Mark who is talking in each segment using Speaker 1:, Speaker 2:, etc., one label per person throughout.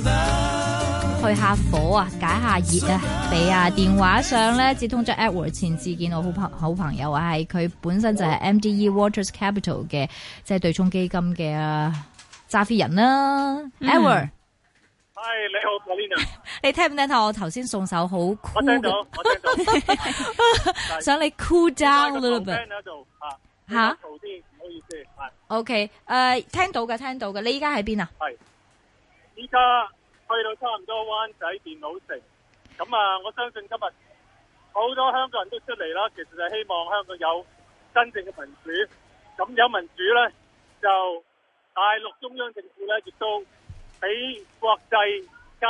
Speaker 1: 去下火啊，解一下熱啊，俾啊電話上咧接通咗 Edward。前次見到好朋好朋友啊，係佢本身就係 MDE Waters Capital 嘅，即係對沖基金嘅啊，揸飛人啦，啊嗯，Edward。Hi 你好，Paulina。 你聽唔聽到我頭先送手好 cool 嘅？我聽到，我聽到。 我聽到。我聽到 想你 cool down 啦，Paulina 吓吓。抱歉，唔好意思。OK，誒，呃，聽到嘅，聽到嘅。你依家喺邊啊？係。
Speaker 2: 依家去到差唔多灣仔電腦城，咁啊，我相信今日好多香港人都出嚟啦，其實就希望香港有真正嘅民主。咁有民主咧，就大陸中央政府咧，亦都俾國際間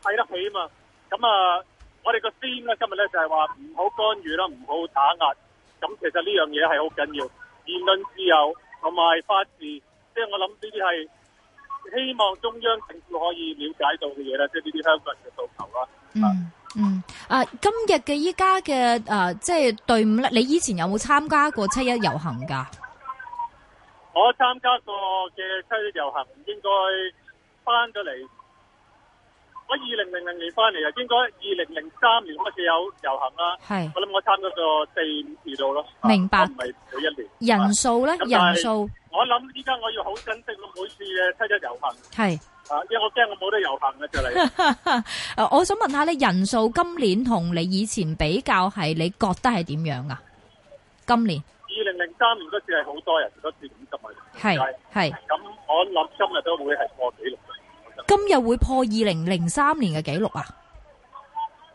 Speaker 2: 睇得起啊嘛。咁啊，我哋個先咧，今日咧就係話唔好干預啦，唔好打壓。咁其實呢樣嘢係好緊要，言論自由同埋法治，即係我諗呢啲係。希望中央政府可以了解到嘅嘢啦，即係
Speaker 1: 呢啲香港人嘅訴求啦。嗯嗯，啊，今日嘅依家嘅啊，即係隊伍咧。你以前有冇參加過七一遊行噶？
Speaker 2: 我參加過嘅七一遊行，應該翻咗嚟。我二零零零年翻嚟啊，應該二零零三年開始有遊行啦。係，我諗我差唔多到四五次度咯。
Speaker 1: 明白。唔係
Speaker 2: 每一年。人
Speaker 1: 數咧？人數。
Speaker 2: 我諗依家我要好珍惜咯，每次嘅七一遊行。係。啊，因為我驚我冇得遊行嘅啫。你，
Speaker 1: 就是。啊， 我想問一下你人數今年同你以前比較是，係你覺得係點樣啊？今年
Speaker 2: 二零零三年嗰次係好多人，嗰次五十萬。係係。咁我諗今日都會係破紀錄。
Speaker 1: 今日會破二零零三年嘅紀錄啊！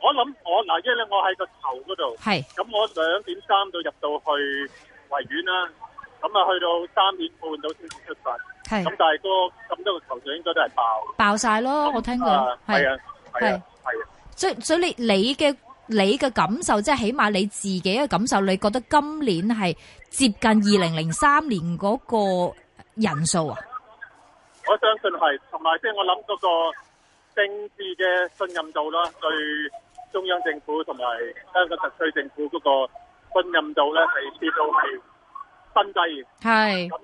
Speaker 2: 我諗我嗱，因為我喺個頭嗰度，係咁我兩點三到入到去維園啦，咁啊去到三點半到先至出發，係咁就係多咁多個球場就應該都係
Speaker 1: 爆爆晒咯！我聽過，係啊，係
Speaker 2: 係，
Speaker 1: 所以所以，你你嘅你嘅感受，即係起碼你自己嘅感受，你覺得今年係接近二零零三年嗰個人數啊？
Speaker 2: 我相信係，同埋即係我諗嗰個政治嘅信任度啦，對中央政府同埋香港特區政府嗰個信任度咧，係跌到係新低。係。咁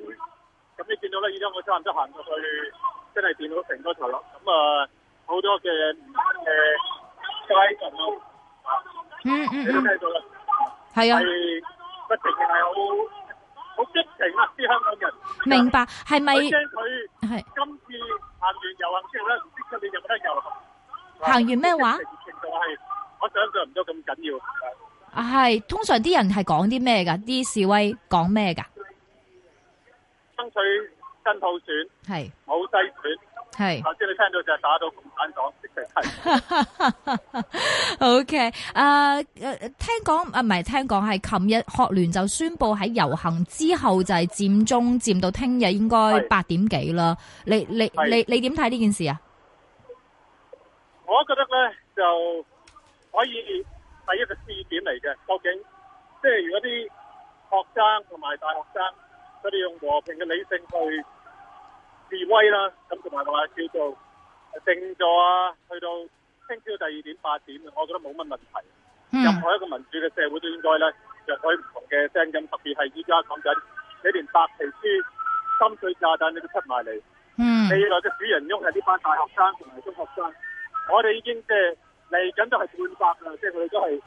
Speaker 2: 咁，你見到咧？依家我差唔多行到去，真係見到成個頭落。咁啊，好多嘅誒街頭，嗯嗯，你都睇到啦，係啊，不停係好。好激情啊！啲香港人明白係咪？佢係今次行完遊行之後咧，唔知出邊有冇得遊行？
Speaker 1: 行完咩話？
Speaker 2: 程度係我想象唔到咁緊要。
Speaker 1: 啊，係通常啲人係講啲咩㗎？啲示威講咩㗎？爭
Speaker 2: 取真普選係冇篩選。係，頭先你聽到就係打到共產黨，
Speaker 1: 即係係。OK，誒誒，聽講啊，唔係聽講，係琴日學聯就宣布喺遊行之後就係佔中佔到聽日，應該八點幾啦。你你你你點睇呢件事啊？
Speaker 2: 我覺得咧就可以係一個試點嚟嘅。究竟即係如果啲學生同埋大學生，佢哋用和平嘅理性去示威啦，咁同埋話叫做靜坐啊，去到聽朝第二點八點，我覺得冇乜問題。任何一個民主嘅社會都應該咧，就可以唔同嘅聲音，特別係依家講緊，你連白皮書、深水炸彈你都出埋嚟，未來嘅主人翁係呢班大學生同埋中學生，我哋已經即係嚟緊都係半百啦，即係佢都係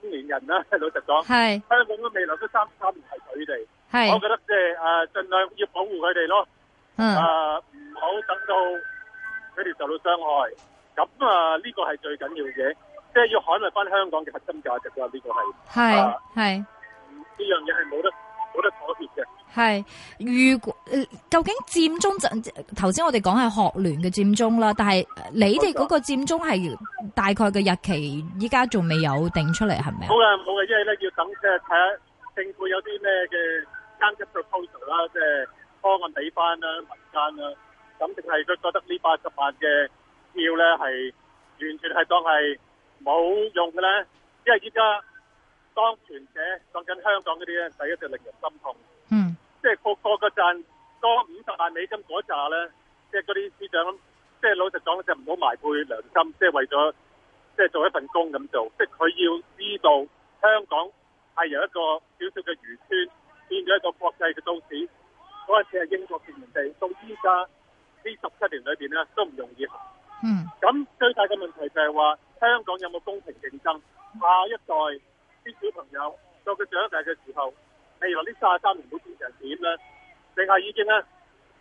Speaker 2: 中年人啦，老實講。係香港嘅未來都三三年係佢哋，我覺得即係誒盡量要保護佢哋咯。誒、嗯，唔、啊、好等到佢哋受到傷害，咁啊呢、這個係最緊要嘅，即係要捍衛翻香港嘅核心價值啊。呢、這個係係係呢樣嘢係冇得冇得
Speaker 1: 妥協嘅。係如果、呃、究竟佔中就頭先我哋講係學聯嘅佔中啦，但係你哋嗰個佔中係大概嘅日期，依家仲未有定出嚟，係咪？好嘅，
Speaker 2: 好嘅，因為咧要等即係睇下政府有啲咩嘅緊急 proposal 啦，即係。方案俾翻啦，民間啦、啊，咁淨係佢覺得這呢八十萬嘅票咧係完全係當係冇用嘅咧，因為依家當權者當緊香港嗰啲咧，第一就令人心痛。嗯，即係復過嗰陣多五十萬美金嗰紮咧，即係嗰啲司長，即係老實講就唔好埋背良心，即係為咗即係做一份工咁做，即係佢要知道香港係由一個小小嘅漁村變咗一個國際嘅都市。嗰一次係英國殖民地，到依家呢十七年裏邊咧都唔容易。嗯。咁最大嘅問題就係話香港有冇公平競爭？下、啊、一代啲小朋友到佢長大嘅時候，未來呢三十三年會變成點咧？定係已經咧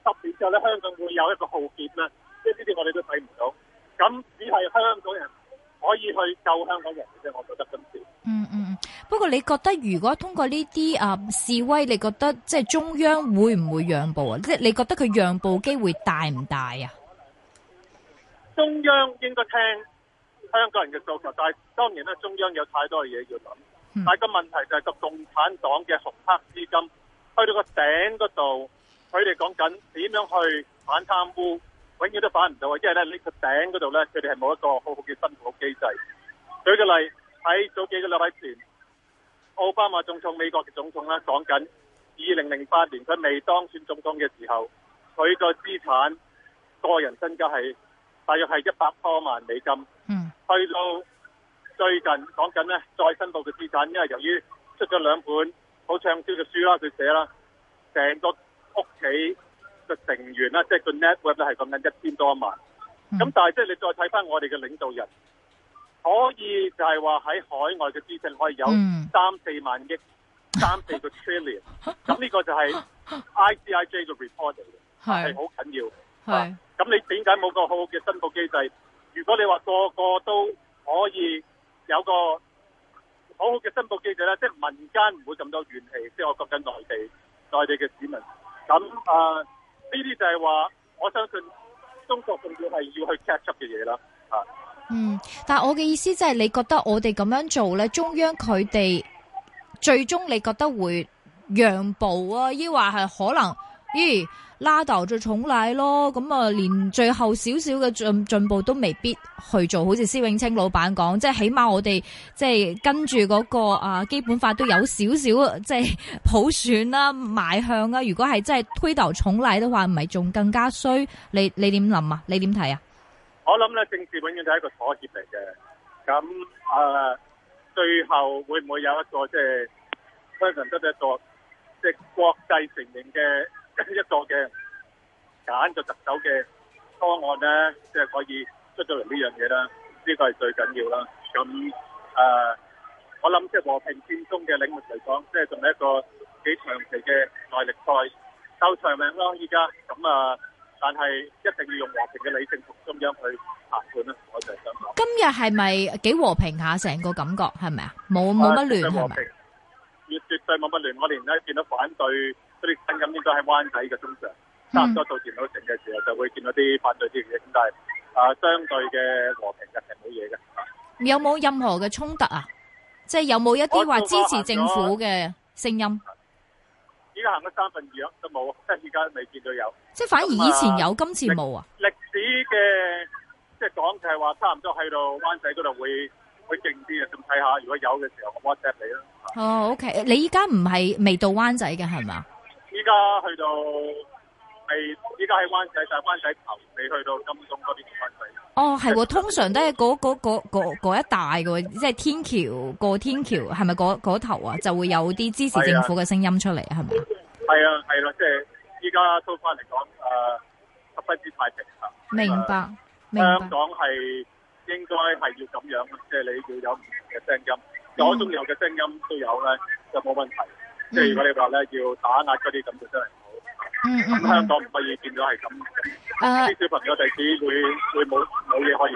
Speaker 2: 十年之後咧香港會有一個浩劫咧？即係呢啲我哋都睇唔到。咁只係香港人可以去救香港人嘅啫，我覺得
Speaker 1: 咁樣。嗯嗯。不過你覺得如果通過呢啲啊示威，你覺得即係中央會唔會讓步啊？即係你覺得佢讓步機會大唔大啊？
Speaker 2: 中央應該聽香港人嘅訴求，但係當然咧，中央有太多嘅嘢要諗，嗯。但係個問題就係、是，個共產黨嘅紅黑資金去到個頂嗰度，佢哋講緊點樣去反貪污，永遠都反唔到啊！因為咧，呢個頂嗰度咧，佢哋係冇一個好好嘅分配機制。舉個例，喺早幾個禮拜前。奧巴馬仲同美國嘅總統啦講緊，二零零八年佢未當選總統嘅時候，佢個資產個人身價係大約係一百多萬美金。嗯。去到最近講緊咧，再申報嘅資產，因為由於出咗兩本好暢銷嘅書啦，佢寫啦，成個屋企嘅成員啦，即係個 network 咧，係講緊一千多萬。咁但係即係你再睇翻我哋嘅領導人。可以就係話喺海外嘅資訊可以有三四萬億、三 四個 trillion，咁呢個就係 ICIJ 嘅 report 嚟嘅，係、啊、好緊要。係，咁你點解冇個好好嘅申報機制？如果你話個個都可以有個好好嘅申報機制咧，即、就、係、是、民間唔會咁多怨氣。即、就、係、是、我講緊內地內地嘅市民。咁啊，呢啲就係話我相信中國仲要係要去 catch up 嘅嘢啦。啊
Speaker 1: 嗯，但係我嘅意思即係你覺得我哋咁樣做咧，中央佢哋最終你覺得會讓步啊？抑或係可能，咦、哎，拉倒再重嚟咯？咁啊，連最後少少嘅進進步都未必去做，好似施永青老闆講，即係起碼我哋即係跟住嗰、那個啊基本法都有少少即係普選啦、啊、邁向啦、啊。如果係真係推倒重嚟嘅話，唔係仲更加衰？你你點諗啊？你點睇啊？
Speaker 2: 我諗咧，政治永遠都係一個妥協嚟嘅。咁、啊、誒，最後會唔會有一個即係，可、就、能、是、得一個即係、就是、國際承認嘅一個嘅揀咗特首嘅方案咧，即、就、係、是、可以出咗嚟呢樣嘢啦，呢、這個係最緊要啦。咁誒、啊，我諗即係和平佔中嘅領域嚟講，即係仲係一個幾長期嘅耐力賽，鬥長命咯，依家咁啊！但係一定要用和平嘅理性同中央去談判啦，我就係想。
Speaker 1: 今日係咪幾和平下？成個感覺係咪啊？冇冇乜亂嘅。絕對和
Speaker 2: 平，係咪絕對冇乜亂。我連咧見到反對嗰啲憤怒應該喺灣仔嘅中
Speaker 1: 上，差唔
Speaker 2: 多到電腦城嘅時候，就會見到啲反對啲嘢，咁但係啊，相對嘅和平嘅係冇嘢嘅。
Speaker 1: 有冇任何嘅衝突啊？即係有冇一啲話支持政府嘅聲音？
Speaker 2: 而家行咗三分二都冇，即係而家未見到有。即係反而以前有，啊、今次冇啊！歷史嘅即係講就係話，差唔多去到灣仔嗰度會會靜啲啊！咁睇下，如果
Speaker 1: 有嘅時候，我 WhatsApp 你啦。哦、oh，OK，你依家唔係未到灣仔嘅係咪？依家去
Speaker 2: 到係依家喺灣仔，但係灣仔頭你去到金鐘
Speaker 1: 嗰邊嘅灣仔。哦，係喎， 通常都係嗰嗰嗰嗰嗰一帶嘅，即係天橋過天橋，係咪嗰嗰頭啊？就會有啲支持政府嘅聲音出嚟，係咪？是
Speaker 2: 係啊，係啊，即係依家，收翻嚟講，誒、呃，十分之太平。明白，明白
Speaker 1: 呃、香港
Speaker 2: 係應該係要咁樣，即、就、係、是、你要有唔同嘅聲音，左中右嘅聲音都有咧，就冇問題。
Speaker 1: 即、嗯、係、就是、如果
Speaker 2: 你話咧要打壓嗰啲，咁就真係唔好。嗯
Speaker 1: 咁、嗯嗯、香
Speaker 2: 港唔可以變咗係咁，啲、嗯嗯、小朋友第時會會冇冇嘢可以。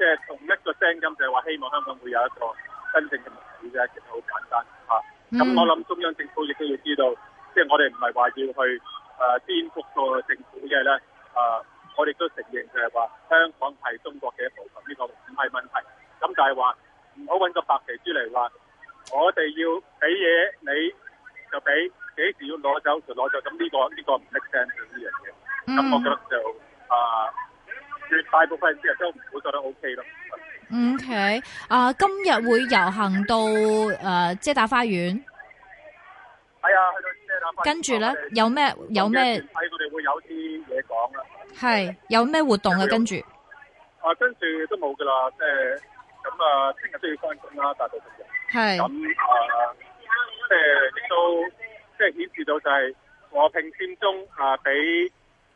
Speaker 2: 即係同一個聲音，就係話希望香港會有一個真正嘅民主啫，其實好簡單嚇。咁我諗中央政府亦都要知道，即係我哋唔係話要去誒顛覆個政府嘅咧。誒，我哋都承認就係話香港係中國嘅一部分，呢個唔係問題。咁就係話唔好揾個白旗子嚟話，我哋要俾嘢，你就俾，幾時要攞走就攞走，咁呢個呢個唔 make sense 呢樣嘢。嗯。
Speaker 1: 咁我覺
Speaker 2: 得就啊。大部分之人都會
Speaker 1: 覺得 O K 咯。O、okay. K，啊，今日會遊行到誒遮、呃、打花園。
Speaker 2: 係、哎、啊，去到遮打花園。跟住咧，有咩有咩？係佢哋會有啲嘢講啦。係、嗯、有咩活動嘅？跟住啊，跟住都冇噶啦，即係咁啊，聽、就、日、
Speaker 1: 是、都
Speaker 2: 要翻工啦，大多數。係。咁啊，即亦都即係顯示到就係和平佔中啊，俾。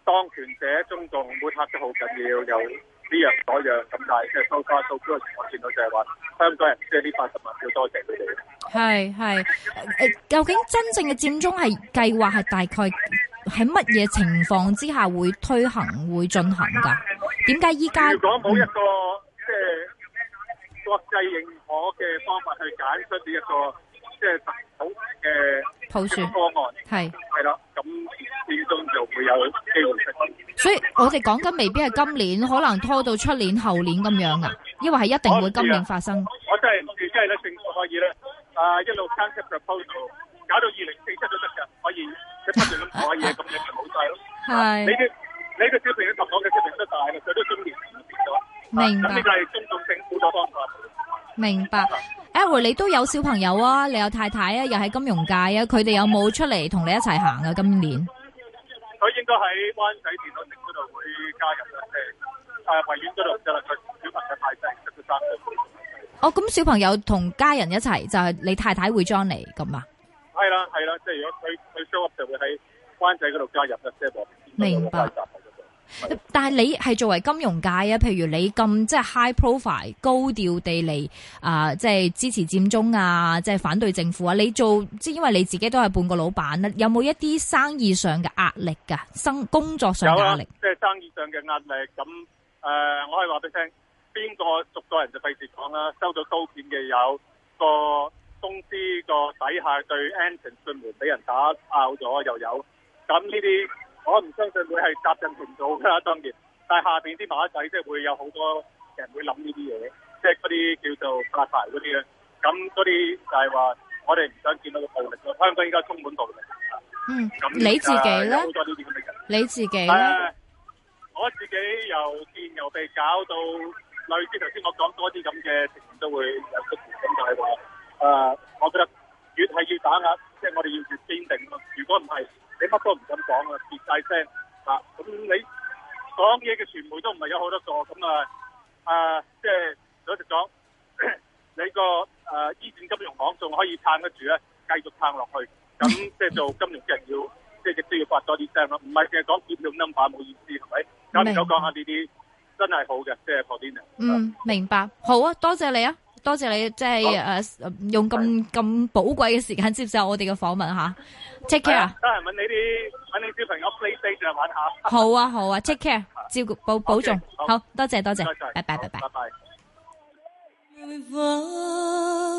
Speaker 2: 當權者中共抹黑得好緊要，有呢樣所樣。咁但係即係收翻數據嘅時，我見到就係話香港人即係呢
Speaker 1: 八十萬要多謝佢哋。係係誒，究竟真正嘅佔中係計劃係大概喺乜嘢情況之下會推行會進行㗎？點解依家如果冇一個即係、呃、國際認可
Speaker 2: 嘅方法去揀出呢一個即係好嘅普選方案，係係咯？
Speaker 1: 所以，我哋講緊未必係今年，可能拖到出年、後年咁樣噶，因為係一定會今年發生。
Speaker 2: 我，啊、我真係唔知，因為咧政府可以咧啊一路 c a proposal 搞到二零四七都得噶，可以可以，不斷咁講嘢，好曬咯。係。你啲呢個小朋友同我嘅小朋友都大嘅，佢都中年變
Speaker 1: 咗。明白。
Speaker 2: 咁你就中到
Speaker 1: 政府嘅幫助。明白。阿、啊、你都有小朋友啊？你有太太啊？又喺金融界啊？佢哋有冇出嚟同你一齊行啊？今年？
Speaker 2: 灣仔電腦城度會加入嘅，誒，誒，維園嗰度小
Speaker 1: 朋友派哦，咁小朋友同家人一齊，就係、是、你太太會 join 嚟，咁啊？
Speaker 2: 係啦，係啦，即係如果佢佢 show up 就會喺灣仔度加入嘅，即係。
Speaker 1: 明白。但係你係作為金融界啊，譬如，你咁即係 high profile 高調地嚟啊，即係支持佔中啊，即係反對政府啊，你做即係因為你自己都係半個老闆咧，有冇一啲生意上嘅壓力噶？生工作上嘅壓力，即係、啊就
Speaker 2: 是、生意上嘅壓力。咁誒、呃，我係話俾你聽，邊個熟個人就費事講啦。收咗刀片嘅有，個公司個底下對 Anton 門俾人打爆咗又有。咁呢啲。我唔相信會係習近平做㗎啦，當然。但係下邊啲馬仔即係會有好多人會諗呢啲嘢，即係嗰啲叫做發牌嗰啲咧。咁嗰啲就係話，我哋唔想見到嘅暴力，香港依家充滿暴力。嗯。
Speaker 1: 咁你自己咧？你自己
Speaker 2: 咧？我自己又見又被搞到類似頭先我講多啲咁嘅情況都會有出現，就係話誒，我覺得越係要打壓，即係我哋要越堅定咯。如果唔係，你乜都唔敢講啊，跌晒聲吓。咁你講嘢嘅傳媒都唔係有好多個咁啊，啊，即係老實講，你個誒，依、啊、段金融行仲可以撐得住咧，繼續撐落去。咁即係做金融嘅人要，即係亦都要發多啲聲咯，唔係淨係講股票 number 冇意思，係咪？有唔有講下呢啲真係好嘅，即係嗰啲啊？嗯，
Speaker 1: 明白。好啊，多謝你啊。多謝你，即係誒，用咁咁寶貴嘅時間接受我哋嘅訪問吓。Yeah. Take care，得閒
Speaker 2: 揾你啲，揾你小朋友 play day 嚟玩下。 好啊，好啊
Speaker 1: ，take care，照顧保、okay. 保重，okay. 好多謝，好多，謝，多，
Speaker 2: 謝多謝，拜拜拜拜。拜拜